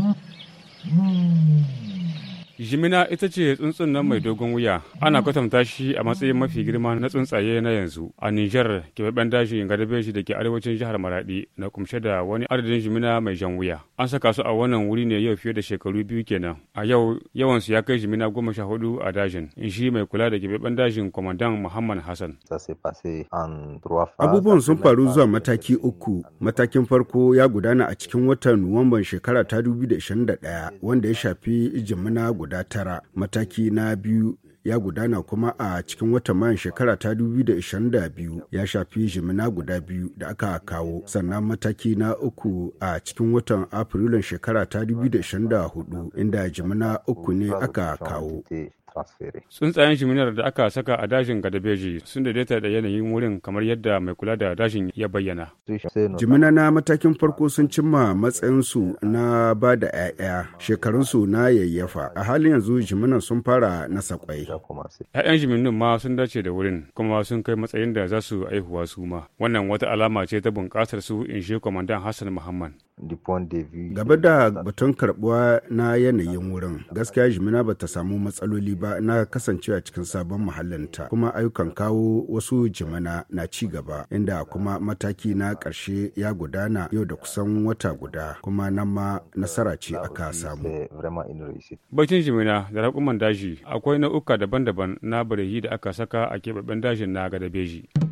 Mm-hmm. Jimina ita ce tsuntsun nan mai dogon wuya. Ana kwatanta shi a matsayin mafi girma na tsuntsaye na yanzu. A Nijar, keɓaɓɓen dajin Gadabeji da ke arewacin jihar Maradi na kumshe da wani adadin jimina mai jan wuya. An saka su a wannan wuri ne yau fiye da shekaru biyu kenan. A yau yawan su ya kai jimina goma sha hudu a dajin. In shi mai kula da keɓaɓɓen dajin kwamandan Muhammad Hassan. Abubuwan sun faru zuwa mataki uku. Matakin farko ya gudana a cikin watan Nuwamban shekara ta 2021 wanda ya shafi jimina guda guda tara mataki na biyu ya gudana kuma a cikin watan mayan shekara ta 2022 ya shafi jimina guda biyu da aka kawo sannan mataki na uku a cikin watan afrilun shekara ta 2024 inda jimina uku ne aka kawo transfere. Tsuntsayen jiminar da aka saka a dajin Gadabeji sun daidaita da yanayin wurin kamar yadda mai kula da dajin ya bayyana. Jimina na matakin farko sun cimma matsayinsu na ba da 'ya'ya shekarunsu na yayyafa a halin yanzu jiminan sun fara na sakwai. 'Ya'yan jiminin ma sun dace da wurin kuma sun kai matsayin da za su aihuwa su ma. Wannan wata alama ce ta bunƙasar su in shi kwamandan Hassan Muhammad. Gaba da batun karbuwa na yanayin wurin, gaskiya Jimina ba ta samu matsaloli ba na kasance a cikin sabon muhallinta, kuma ayyukan kawo wasu Jimina na ci gaba, inda kuma mataki na ƙarshe ya gudana yau da kusan wata guda, kuma nan ma nasara ce aka samu. Bakin Jimina da raƙuman daji akwai nau'uka daban-daban na barehi da aka saka a keɓaɓɓen dajin na beji.